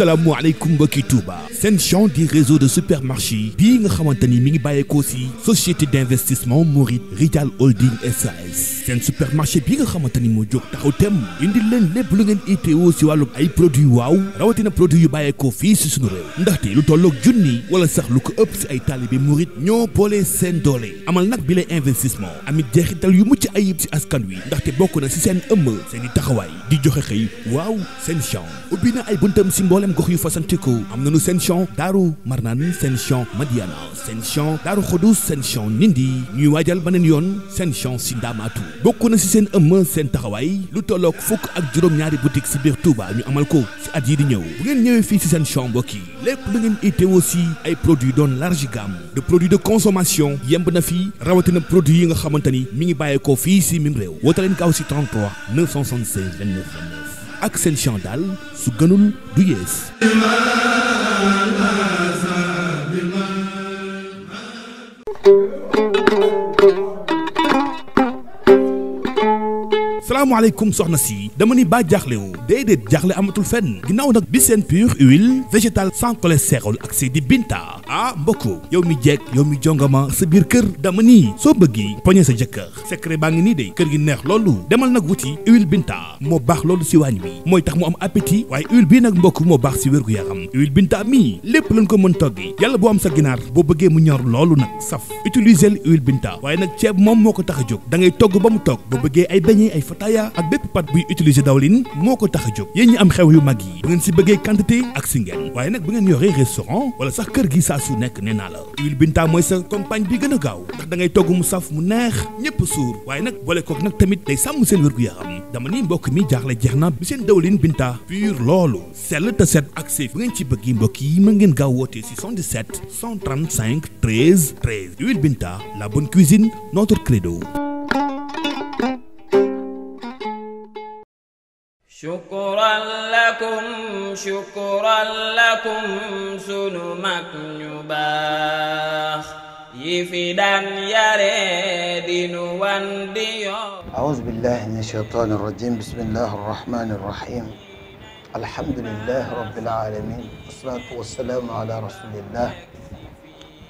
asalaamualeykum mbokki Touba seen champ di réseau de supermarché bii nga xamante ni mi ngi bàyyeekoo si société d'investissement Mouride Rijal Holding SAS seen supermarché bi nga xamante ni moo jóg taxaw tem indi leen lépp lu ngeen itteewoo si wàllu ay produits waaw rawatina produit yu bàyyeekoo fii si sunu réew ndaxte lu tolloog junni wala sax lu ko ëpp si ay taalibe Mouride ñoo boole seen doole amal nag bi lay investissement amit jeexital yu mucc ayib si askan wi ndaxte bokk na si seen ëmb seen taxawaay di joxe xëy waaw seen mbooleem gox yu fasantikoo am nañu seen champ daaru marnaan seen champ madiana seen champ daaru xudus seen champ nindi ñuy waajal beneen yoon seen champ si ndaamaatu bokk na si seen ëmm seen taxawaay lu tolloog fukk ak juróom-ñaari boutique si biir Touba ñu amal ko si at yi di ñëw bu ngeen ñëwee fii si seen champ mbokk yi lépp lu ngeen itte aussi ay produits doon large gamme de produits de consommation yemb na fii rawatina produits yi nga xamante ni mi ngi bàyyeekoo fii si mim réew woote leen gaaw si 33 976 29 ak seen chandal su gënul du salaamaaleykum soxna si dama ni baa jaaxle wu déedéet jaaxle amatul fenn ginnaaw nag bi seen pur huile végétale sans cholestérol ak Seydi Binta ah mbokku yow mi jeeg yow mi jongama sa biir kër dama ni soo bëggi poñe sa jëkkër secret baa ngi nii de kër gi neex loolu demal nag wuti huile Binta moo baax loolu si waañ bi mooy tax mu am appétit waaye huile bi nag mbokk moo baax si wér-gu-yaram huile Binta mii lépp lañ ko mën toggi yàlla boo am sa ginaar boo bëggee mu ñor loolu nag saf utiliser huile Binta waaye nag ceeb moom moo ko tax a jóg da ba mu togg ataaya ak bépp pat buy utiliser dawlin moo ko tax a jóg yéen ñi am xew yu mag yi bu ngeen si bëggee quantité ak si ngeen waaye nag bu ngeen yoree restaurant wala sax kër gi saa su nekk ne naa la huile binta mooy sa compagne bi gën a gaaw ndax da ngay togg mu saf mu neex ñëpp suur waaye nag boole kook nag tamit day sàmm seen wér-gu-yaram dama ni mbokk mi jaaxle jeex na bi seen dawlin binta pur loolu sell te set ak seef bu ngeen ci bëgg mbokk yi mën ngeen gaaw woote si 77 135 13 13 huile binta la bonne cuisine notre credo shukran lakum shukran lakum sunu mag ñu baax yi fi daan yare dinu wan di yoon أعوذ بالله من الشيطان الرجيم بسم الله الرحمن الرحيم الحمد لله رب العالمين والصلاة والسلام على رسول الله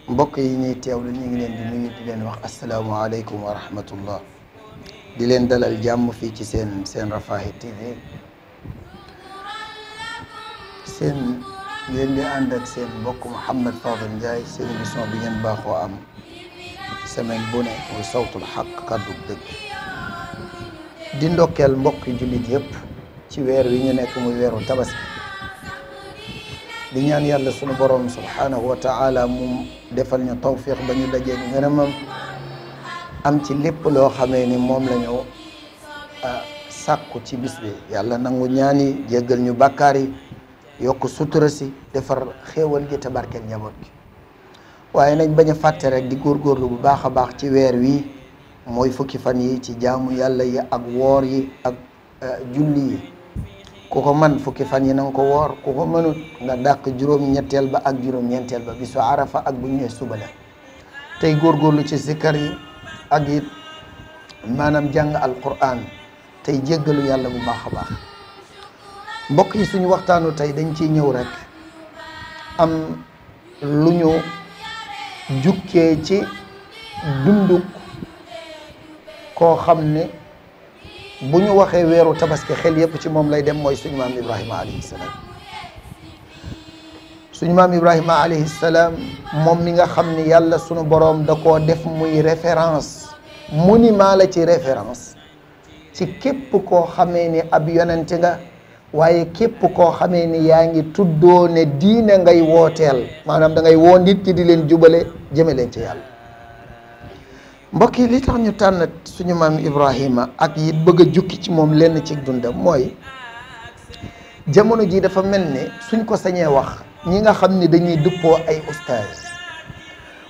mbokk yi ñuy teewlu ñu ngi leen di nuyu di leen wax asalaamaaleykum wa rahmatullah di leen dalal jàmm fii ci seen seen Rafah TV seen ngeen di ànd ak seen mbokk Mouhamed Fadel Ndiaye seen émission bi ngeen baaxoo am semaine bu ne muy sawtul xaq kàddu dëgg di ndokkeel mbokk jullit yëpp ci weer wi ñu nekk muy weeru tabaski di ñaan yàlla sunu borom subhanahu wa taala mu defal ñu tawfiq ba ñu dajee ngërëmam am ci lépp loo xamee ni moom la ñu ah, sàkku ci bis bi yàlla nangu ñaani jéggal ñu bàkkaar yi yokk sutura si defar xéewal gi te barkeel njaboot gi waaye nañ bañ a fàtte rekk di góorgóorlu bu baax a baax ci weer wi mooy fukki fan yi ci jaamu yàlla yi ak woor yi ak eh, julli yi ku ko man fukki fan yi na ko woor ku ko mënut nga dàq juróom-ñetteel ba ak juróom-ñeenteel ba bisu arafa ak bu ñëwee suba la tey góorgóorlu ci sikkar yi ak it maanaam jàng alquran tey jéggalu yàlla bu baax a baax mbokk yi suñu waxtaanu tey dañ ci ñëw rek am lu ñu jukkee ci dunduk koo xam ne bu ñu waxee weeru tabaski xel yépp ci moom lay dem mooy suñu maam Ibrahima alayhi salaam suñu maam Ibrahima alayhi salaam moom mi nga xam ni yàlla suñu boroom da koo def muy référence mu ni monument la ci référence ci képp koo xamee ni ab yonent nga waaye képp koo xamee ni yaa ngi tuddoo ne diine ngay wooteel maanaam da ngay woo nit ñi di leen jubale jëme leen ci yàlla mbokk yi li tax ñu tànn suñu maam Ibrahima ak yi bëgg a jukki ci moom lenn ci dundam mooy jamono ji dafa mel ni suñ ko sañee wax ñi nga xam ni dañuy duppoo ay ustaas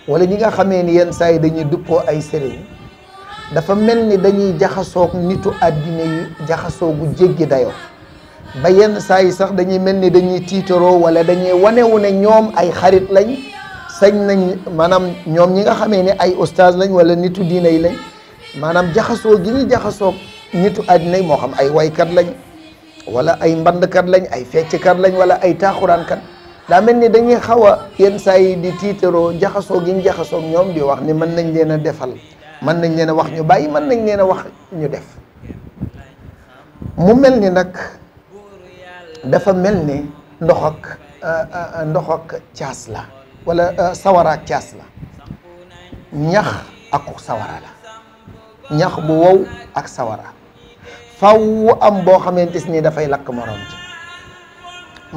wala ñi nga xamee ni yenn saa yi dañuy duppoo ay sëriñ dafa mel ni dañuy jaxasook nitu àddina yi jaxasoogu jéggi dayoo ba yenn saa yi sax dañuy mel ni dañuy tiitaroo wala dañuy wanewu ne ñoom ay xarit lañ sañ nañ maanaam ñoom ñi nga xamee ni ay ustaas lañ wala nitu diina yi lañ maanaam jaxasoo gi ñu jaxasoog nitu àddina yi moo xam ay waykat lañ wala ay mbandkat lañ ay fecckat lañ wala ay taaxuraankat daa mel ni dañuy xaw a yenn saa yi di tiitaroo jaxasoo gi jaxasoo ñoom di wax ni mën nañ leen a defal mën nañ leen a wax ñu bàyyi mën nañ leen a wax ñu def mu mel ni nag dafa mel ni ndox ak euh, ndox ak caas la wala euh, sawara ak caas la ñax aku sawara ñax bu wow ak sawara faw am boo xamante nii dafay lakk morom ci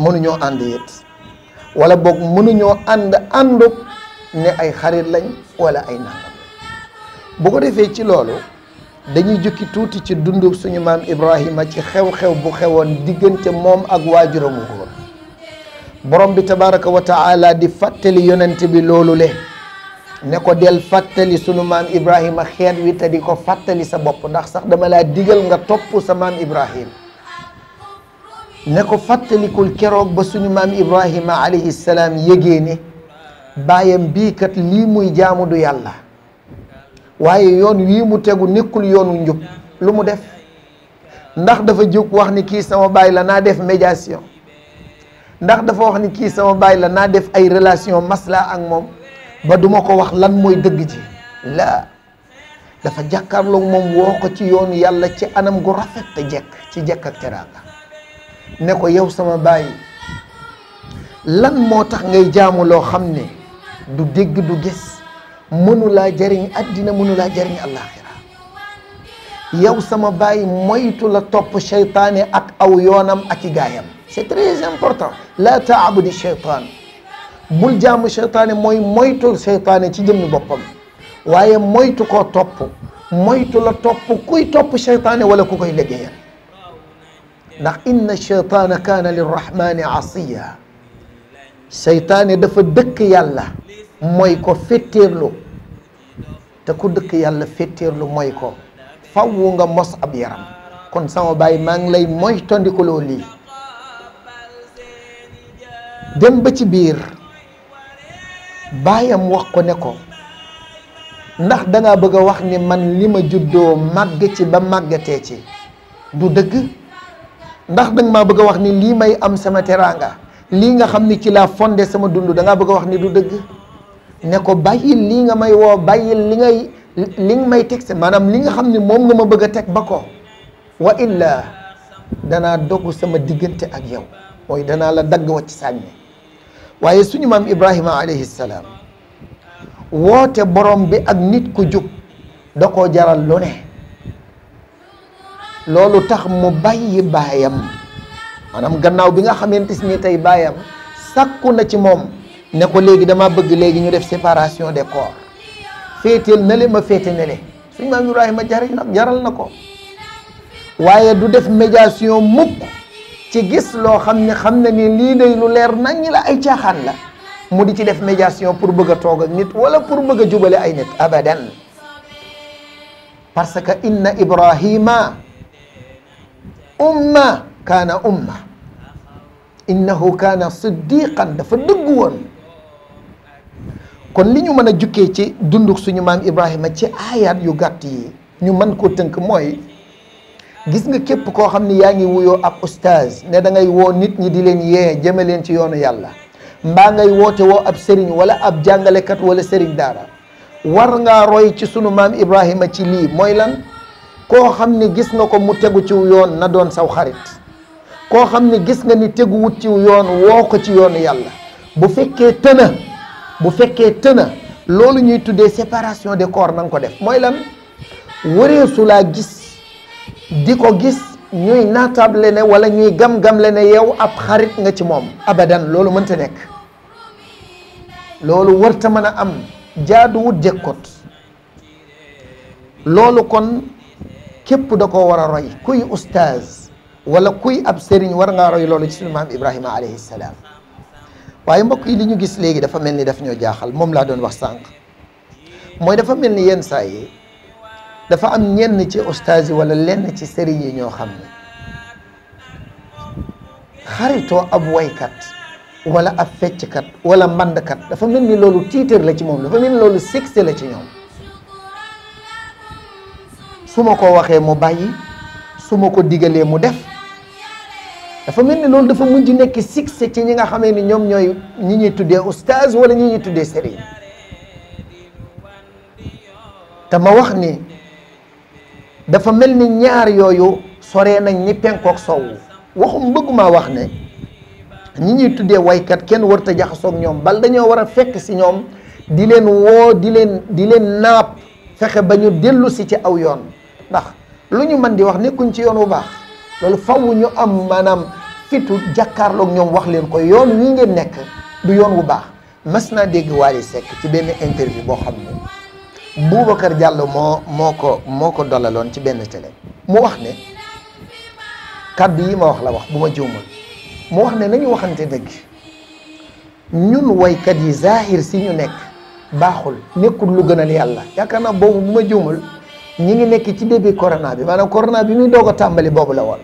mënuñoo ànd yit wala boog mënuñoo ànd àndub ne ay xarit lañ wala ay nangam bu ko defee ci loolu dañuy jukki tuuti ci dundub suñu maam Ibrahima ci xew-xew bu xewoon diggante moom ak waajuramu góor borom bi tabaraka wa taala di fàttali yonent bi loolu le ne ko del fàttali sunu maam Ibrahima xeet wi te di ko fàttali sa bopp ndax sax dama laa digal nga topp sa maam Ibrahima ne ko fàttalikul keroog ba suñu maam Ibrahima alayhi salaam yëgee ne baayam bii kat lii muy jaamu du yàlla waaye yoon wii mu tegu nekkul yoon wu njub lu mu def ndax dafa jóg wax ni kii sama baay la naa def médiation ndax dafa wax ni kii sama baay la naa def ay relation maslaa ak moom ba duma ko wax lan mooy dëgg ji laa dafa jàkkaarloog moom woo ko ci yoonu yàlla ci anam gu rafet te jekk ci jekk ak ne ko yow sama baay lan moo tax ngay jaamu loo xam ne du dégg du gis mënulaa jariñ addina mënulaa jariñ àllaaxira yow sama baay moytu la topp seytaane ak aw yoonam ak i gaayam c'est très important la taabudi seytaan bul jaamu seytaane mooy moytu seytaane ci jëmmi boppam waaye moytu ko topp moytu la topp kuy topp seytaane wala ku koy liggéeyal ndax inna cheytaana kaana lirrahmani asiya seytaane dafa dëkk yàlla mooy ko féttéerlu te ku dëkk yàlla féttéerlu mooy ko fawwu nga mos ab yaram kon sama baay maa ngi lay mooy tondikuloo lii dem ba ci biir baayam wax ko ne ko ndax danga bëgg a wax ni man li ma juddoo màgg ci ba màggatee ci du dëgg ndax danga ma bëgg a wax ni lii may am sama teraanga lii nga xam ni ci laa fondé sama dund da ngaa bëgg wax ni du dëgg ne ko bàyyil lii nga may woo bàyyil li ngay li nga may teg maanaam li nga xam ni moom nga ma bëgg a teg ba ko wa illa danaa dogu sama diggante ak yow mooy danaa la dagg wacc sànni waaye suñu maam Ibrahima alayhi salaam woote borom bi ak nit ku jub da koo jaral lu ne loolu tax mu bàyyi baayam maanaam gannaaw bi nga xamante ni tey baayam sàkku na ci moom ne ko léegi dama bëgg léegi ñu def séparation de corps féeteel na le ma féete ne le suñ maam Ibrahima jari jaral na ko waaye du def médiation mukk ci gis loo xam ne xam na ni lii day lu leer naññ la ay caaxaan la mu di ci def médiation pour bëgg a toog ak nit wala pour bëgg a jubale ay nit abadan parce que inna ibrahima umma kaana umma innahu kaana siddiqan dafa dëgg woon kon li ñu mën a jukkee ci dunduk suñu maam Ibrahima ci aayaat yu gàtt yi ñu mën koo tënk mooy gis nga képp koo xam ni yaa ngi wuyoo ab oustaz ne dangay woo nit ñi di leen yee jëme leen ci yoonu yàlla mbaa ngay woote woo ab sëriñ wala ab jàngalekat wala sëriñ daara war ngaa roy ci sunu maam Ibrahima ci lii mooy lan koo xam ni gis nga ko mu tegu ciw yoon na doon saw xarit koo xam ni gis nga ni teguwut ci yoon woo ko ci yoon yàlla bu fekkee tëna bu fekkee tëna loolu ñuy tuddee séparation des corps na ko def mooy lan wëreesu laa gis di ko gis ñuy naatable ne wala ñuy gam-gamle ne yow ab xarit nga ci moom abadan loolu mënta nekk loolu warta mën a am jaaduwut jëkkoot loolu kon képp da koo war a roy kuy ustaaz wala kuy ab sëriñ war ngaa roy loolu ci suñu maam Ibrahima alayhi salaam waaye mbokk yi li ñu gis léegi dafa mel ni daf ñoo jaaxal moom laa doon wax sànq mooy dafa mel ni yenn saa yi dafa am ñenn ci ustaaz yi lenn ci seriñ yi ñoo xam ne xaritoo ab waykat wala ab fecckat wala mbandkat dafa mel ni loolu tiitër la ci moom dafa mel ni loolu succès la ci ñoom. su ma ko waxee mu bàyyi su ma ko digalee mu def dafa mel ni loolu dafa mujj nekk succès ci ñi nga xamee ni ñoom ñooy ñi ñuy tuddee oustaz wala ñi ñuy tuddee sëriñ te ma wax ni dafa mel ni ñaar yooyu soree nañ ñi penkook sowwu waxum bëgguma wax ne ñi ñuy tuddee waykat kenn warut a jaxasoog ñoom bal dañoo war a fekk si ñoom di leen woo di leen di leen naab fexe ba ñu dellu si ci aw yoon ndax lu ñu mën di wax nekkuñ ci yoon wu baax loolu faw ñu am maanaam fitu jàkkaarlook ñoom wax leen ko yoon wi ngeen nekk du yoon wu baax mas naa dégg Wally sekk ci benn interview boo xam ne moo ko moo ko dolaloon ci benn télé mu wax ne kàddu yi ma wax la wax bu ma juumal mu wax ne nañu waxante dëgg ñun woykat yi zaahir si ñu nekk baaxul nekkul lu gënal yàlla yaakaar naa boobu bu ma juumal ñi ngi nekk ci début corona bi maanaam corona bi muy doog a tàmbali boobu la woon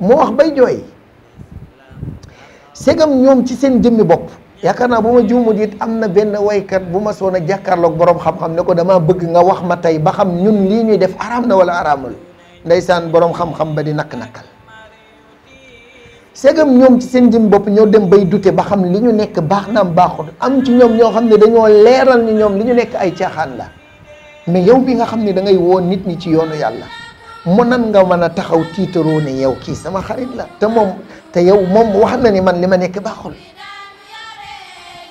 moo wax bay jooy segam ñoom ci seen jëmmi bopp yaakaar naa bu ma juumut it am na benn waykat bu ma soon a jàkkaarloog borom xam-xam ne ko damaa bëgg nga wax ma tey ba xam ñun lii ñuy def araam na wala araamul ndeysaan borom xam-xam ba di nakk-nakkal segam ñoom ci seen jëmmi bopp ñoo dem bay dute ba xam li ñu nekk baax naam baaxul am ci ñoom ñoo xam ne dañoo leeral ni ñoom li ñu nekk ay caaxaan la mais yow bi nga xam ni dangay woon nit ñi ci yoonu yàlla mu nan nga mën a taxaw tiitaroo ni yow kii sama xarit la te moom te yow moom wax na ni man li ma nekk baaxul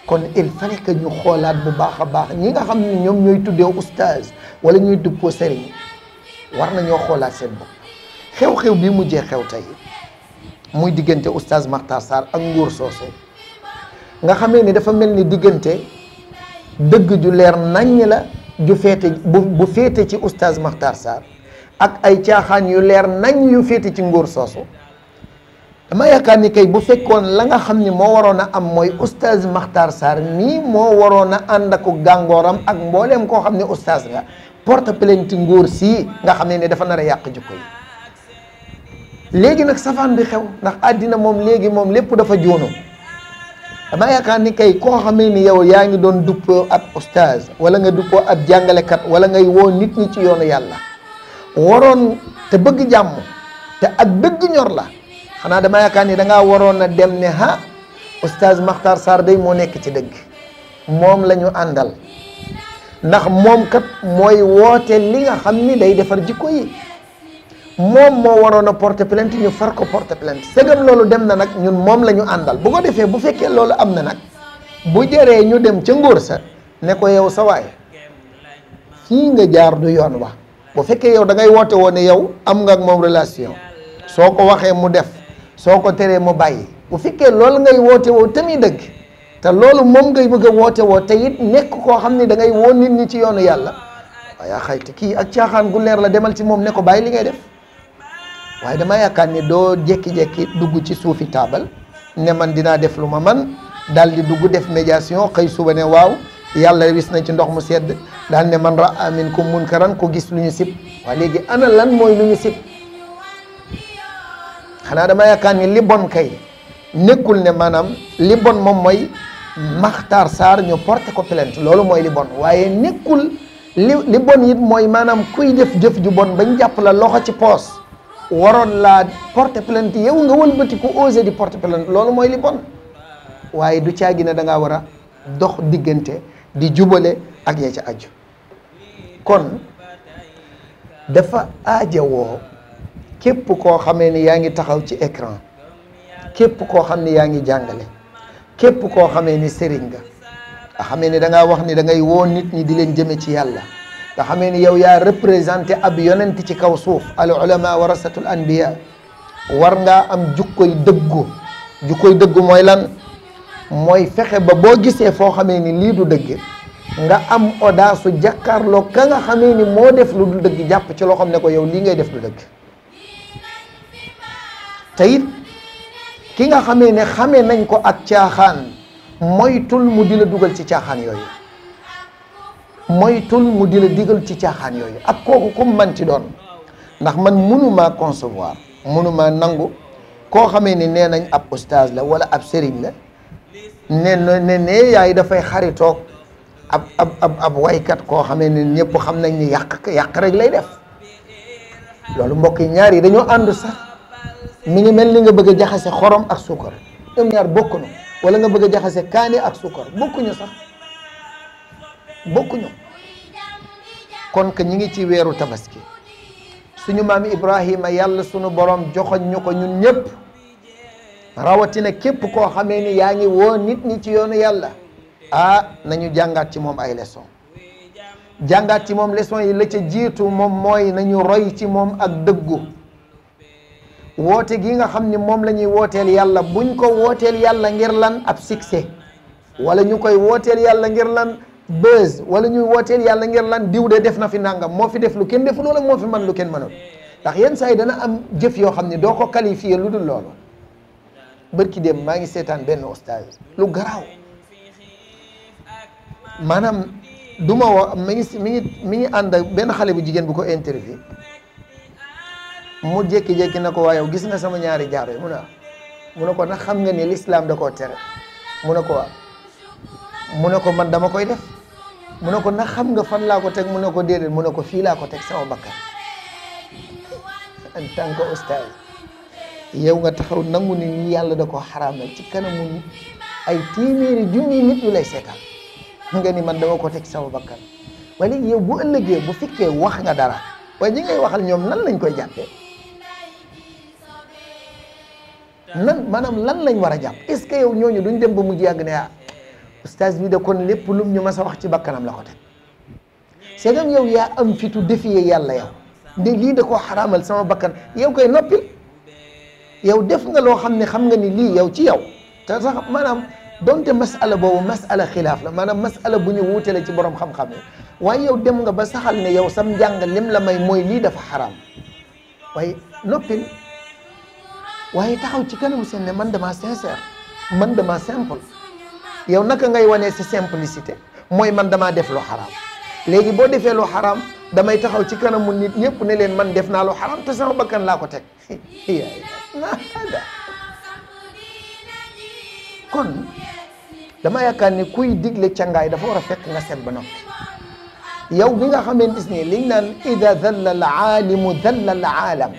kon il fallait que ñu xoolaat bu baax a baax ñi nga xam ne ñoom ñooy tuddee oustaz wala ñuy duppoo sëriñ war na ñoo xoolaat seen bopp xew-xew bii mujjee xew tey muy diggante oustaz Makhtar ak nguur soosoo nga xamee ni dafa mel ni diggante dëgg ju leer naññ la ju feete bu bu féete ci oustaz Makhtar Sarr ak ay caaxaan yu leer nañ yu féete ci nguur soosu dama yaakaar ni kay bu fekkoon la nga xam ni moo waroon a am mooy oustaz Makhtar Sarr nii moo waroon a ànd ak gàngooram ak mbooleem koo xam ne oustaz nga porte plainte nguur sii nga xam ne ne dafa nar a yàq jikko yi léegi nag safaan bi xew ndax àddina moom léegi moom lépp dafa jóono dama yaakaar ni kay koo xamee ni yow yaa ngi doon duppoo ab oustaz wala nga duppoo ab jàngalekat wala ngay woo nit ñi ci yoonu yàlla waroon te bëgg jàmm te ak bëgg ñor la xanaa dama yaakaar ni danga waroon a dem ne ha oustaz Makhtar Sarr day moo nekk ci dëgg moom lañu ñu àndal ndax moom kat mooy woote li nga xam ni day defar jikko yi. moom moo waroon a porter plainte ñu far ko porter plainte segam loolu dem na nag ñun moom la ñu àndal bu ko defee bu fekkee loolu am na nag bu jëree ñu dem ca ngóor ne ko yow sa waay fii nga jaar du yoon wa bu fekkee yow da ngay woote woo ne yow am nga moom relation soo ko waxee mu def soo ko teree mu bàyyi bu fekkee loolu ngay woote woo tamit dëgg te loolu moom ngay bëgg a woote woo te it nekk koo xam ne da ngay woo nit ñi ci yoonu yàlla waaye xayti kii ak caaxaan gu leer la demal ci moom ne ko bàyyi li ngay def waaye dama yaakaar ni doo jékki-jékki dugg ci suufi taabal ne man dinaa def lu ma man daal di dugg def médiation xëy suba ne waaw yàlla wis na ci ndox mu sedd daal ne man ko mun karan ko gis lu ñu sib waa léegi ana lan mooy lu ñu sib xanaa dama yaakaar ni li bon kay nekkul ne maanaam li bon moom mooy Maxtaar Sarr ñu porté ko plainte loolu mooy li bon waaye nekkul li li bon it mooy maanaam kuy def jëf ju bon bañ jàpp la loxo ci poos waroon laa porter plainte yow nga wëlbati ku osé di porte plainte loolu mooy li bon waaye du caagi ne da ngaa war a dox diggante di jubale ak ya ca aju kon dafa aajawoo képp koo xamee ni yaa ngi taxaw ci écran képp koo xam ni yaa ngi jàngale képp koo xamee ni sëriñ nga nga xamee ni da ngaa wax ni da ngay woo nit ñi di leen jëme ci yàlla nga xamee ni yow yaa représenté ab yonent ci kaw suuf al ulama warasatul anbiya war ngaa am jukkoy dëggu jukkoy dëggu mooy lan mooy fexe ba boo gisee foo xamee ni lii du dëgg nga am odaasu jàkkaarloo ka nga xamee ni moo def lu du dëgg jàpp ci loo xam ne ko yow lii ngay def du dëgg te it ki nga xamee ne xamee nañ ko ak caaxaan moytul mu di la dugal ci caaxaan yooyu moytul mu di la digal ci caaxaan yooyu ak kooku comme man ci doon ndax man mënumaa concevoir mënumaa nangu koo xamee ni nee nañ ab oustaz la wala ab sëriñ la ne ne ne yaay dafay xaritoog ab ab ab ab waykat koo xamee ni ñëpp xam nañ ni yàq yàq rek lay def loolu mbokk yi ñaar yi dañoo ànd sax mi ngi mel ni nga bëgg a jaxase xorom ak suukar ñoom ñaar bokk na wala nga bëgg a jaxase kaani ak suukar bokkuñu sax bokkuñu kon que ñi ngi ci weeru tabaski suñu maam Ibrahima yàlla suñu borom joxoñ ñu ko ñun ñëpp rawatina képp koo xamee ni yaa ngi woo nit ñi ci yoonu yàlla ah nañu jàngaat ci moom ay leçon jàngaat ci moom leçon yi la ci jiitu moom mooy nañu roy ci moom ak dëggu woote gi nga xam ni moom lañuy wooteel yàlla buñ ko wooteel yàlla ngir lan ab succès wala ñu koy wooteel yàlla ngir lan buzz wala ñuy wooteel yàlla ngeen lan diw de def na fi nangam moo fi def lu kenn deful wala moo fi man lu kenn mënul ndax yenn saa yi dana am jëf yoo xam ne doo ko qualifié lu dul loolu bërki dem maa ngi seetaan benn oustaz lu garaaw maanaam du ma wax mi ngi mi ngi mi ngi ànd benn xale bu jigéen bu ko interview mu jékki na ko waaye gis nga sama ñaari jaaro yi mu ne ko nag xam nga ni lislaam da ko tere mu ko mu ne ko man dama koy def mu ne ko ndax xam nga fan laa ko teg mu ne ko déedéet mu ne ko fii laa ko teg sama bakkan en tant que oustaz yow nga taxaw nangu ni ñu yàlla da ko xaraamal ci kanamu ay téeméeri junni nit ñu lay seetaan nga ni man dama ko teg sama bakkan wala yow bu ëllëgee bu fekkee wax nga dara waaye ñi ngay waxal ñoom lan lañ koy jàppee nan maanaam lan lañ war a jàpp est ce que yow ñooñu duñ dem ba mujj yàgg ne ah oustaz bi de kon lépp lum ñu mas a wax ci bakkanam la ko teg seegam yow am fitu defiyee yàlla yow nde lii da koo xaraamal sama bakkan yow koy noppil yow def nga loo xam ne xam nga ni lii yow ci yow te sax maanaam donte masala boobu masala xilaaf la maanaam masala bu ñu wuute la ci borom xam-xam yi waaye yow dem nga ba saxal ne yow sam njàng lim la may mooy lii dafa xaraam waaye noppil ta taxaw ci kanamu seen ne man dama sincère man dama simple yow naka ngay wane si simplicité mooy man damaa def lu xaraam léegi boo defee lu xaraam damay taxaw ci kanamu nit ñëpp ne leen man def naa lu xaraam te sama kan laa ko teg kon dama yaakaar ni kuy digle cangaay dafa war a fekk nga seet ba noppi yow bi nga xamante ne liñ naan ida dalla al aalimu dalla al aalam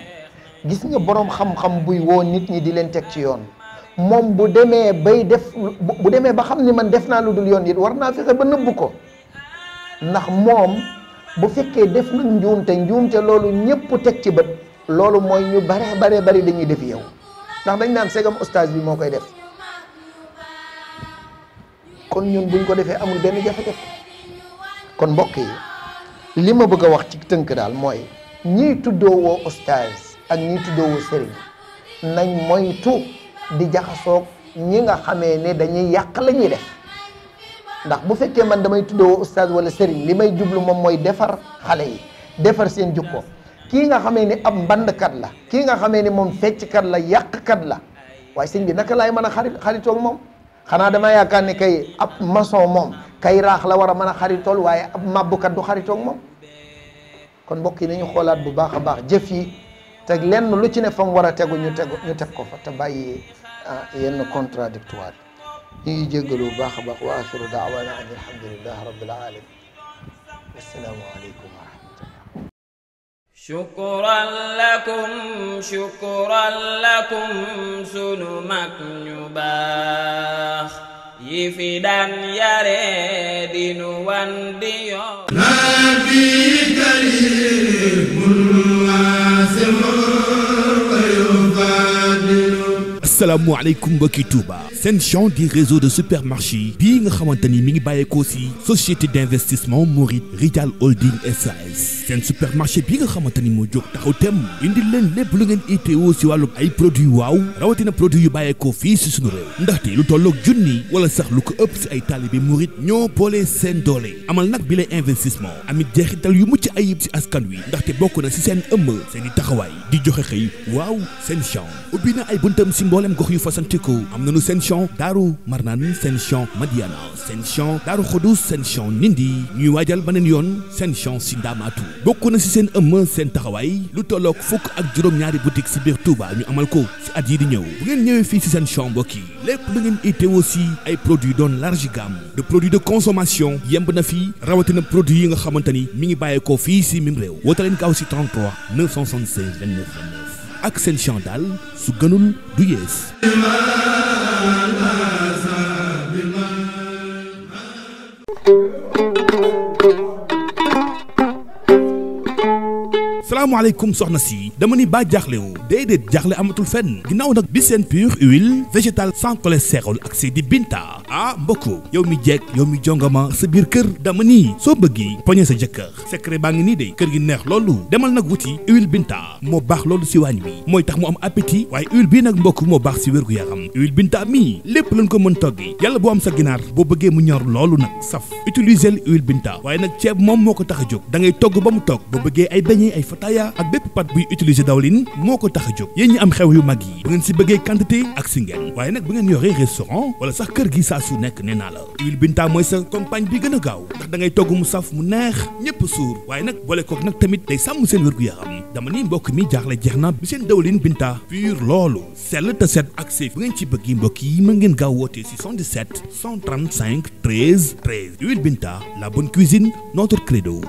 gis nga boroom xam-xam buy woo nit ñi di leen teg ci yoon moom bu demee bay def bu demee ba xam ni man def naa lu dul yoon it war naa fexe ba nëbb ko ndax moom bu fekkee def na njuumte njuumte loolu ñëpp teg ci bët loolu mooy ñu bare bare bari dañuy def yow ndax dañ naan segam oustaz bi moo koy def kon ñun buñ ko defee amul benn jaf jafe kon mbokk yi li ma bëgg a wax ci tënk daal mooy ñiy tuddoowoo oustaz ak ñiy tuddoowoo sëriñ nañ moytu di jaxasoog ñi nga xamee ne dañuy yàq la def ndax bu fekkee man damay tuddoo ustaaz wala sëriñ li may jublu moom mooy defar xale yi defar seen jukko kii nga xamee ni ab mbandkat la kii nga xamee ni moom fecckat la yàqkat la waaye sëñ bi naka laay mën a xarit xaritoog moom xanaa dama yaakaar ni kay ab maçon moom kay raax la war a mën a xaritool waaye ab màbbukat du xaritoog moom kon mbokk yi nañu xoolaat bu baax a baax jëf yi teg lenn lu ci ne fa war a tegu ñu tegu ñu teg ko fa te yenn contradictoire ñu ngi jéggalu bu baax a baax wa axiru daawaana an alhamdulillahi rabbil alamin assalaamu aleykum wa rahmatullah shukran lakum shukran lakum sunu mag ñu baax yi fi daan yare dinu wan di yoon asalaamualeykum mbokki Touba seen champ di réseau de supermarché bii nga xamante ni mi ngi bàyyeekoo si société d'investissement Mouride Rijal Holding SAS seen supermarché bii nga xamante ni moo jóg taxaw tem indi leen lépp lu ngeen itteewoo si wàllu ay produits waaw rawatina produit yu bàyyeekoo fii si sunu réew ndaxte lu tolloog junni wala sax lu ko ëpp si ay taalibe Mouride ñoo boole seen doole amal nag bi lay investissement amit jeexital yu mucc ay ayib si askan wi ndaxte bokk na si seen ëmb seen taxawaay di joxe xëy waaw seen mboolem gox yu fasantikoo am nañu seen champ daaru marnaan seen champ madiana seen champ daaru xudus seen champ nindi ñuy waajal beneen yoon seen champ si ndaamaatu bokk na si seen ëmm seen taxawaay lu tolloog fukk ak juróom-ñaari boutique si biir Touba ñu amal ko si at yi di ñëw bu ngeen ñëwee fii si seen champ mbokk yi lépp lu ngeen itte aussi ay produits doon large gamme de produits de consommation yemb na fii rawatina produits yi nga xamante ni mi ngi bàyyeekoo fii si mim réew woote leen gaaw si 33 976 ak seen chandal su gënul du yees asalaamaaleykum soxna si dama ni baa jaaxle wu déedéet jaaxle amatul fenn ginnaaw nag bi seen pur huile végétale sans cholestérol ak si di binta ah mbokku yow mi jekk yow mi jongama sa biir kër dama ni soo bëggi poñe sa jëkkër secret baa ngi nii de kër gi neex loolu demal nag wuti huile binta moo baax loolu si waañ wi mooy tax mu am appétit waaye huile bi nag mbokk moo baax si wér-gu-yaram huile binta mii lépp lañ ko mën toggi yàlla boo am sa ginaar boo bëggee mu ñor loolu nag saf utiliser huile binta waaye nag ceeb moom moo ko tax a jóg da ba mu togg Nivea ak bépp pat buy utiliser dawlin moo ko tax a jóg yéen am xew yu mag yi bu ngeen si bëggee quantité ak si ngeen waaye nag bu ngeen yoree restaurant wala sax kër gi saa su nekk nee naa la huile binta mooy sa compagne bi gën a gaaw ndax da ngay togg mu saf mu neex ñëpp suur waaye nag boole kook nag tamit day sàmm seen wér-gu-yaram dama ni mbokk mi jaaxle jeex na bi seen dawlin binta pur loolu sell te set ak seef bu ngeen ci bëgg mbokk yi mën ngeen gaaw woote si 77 135 13 13 huile binta la bonne cuisine notre credo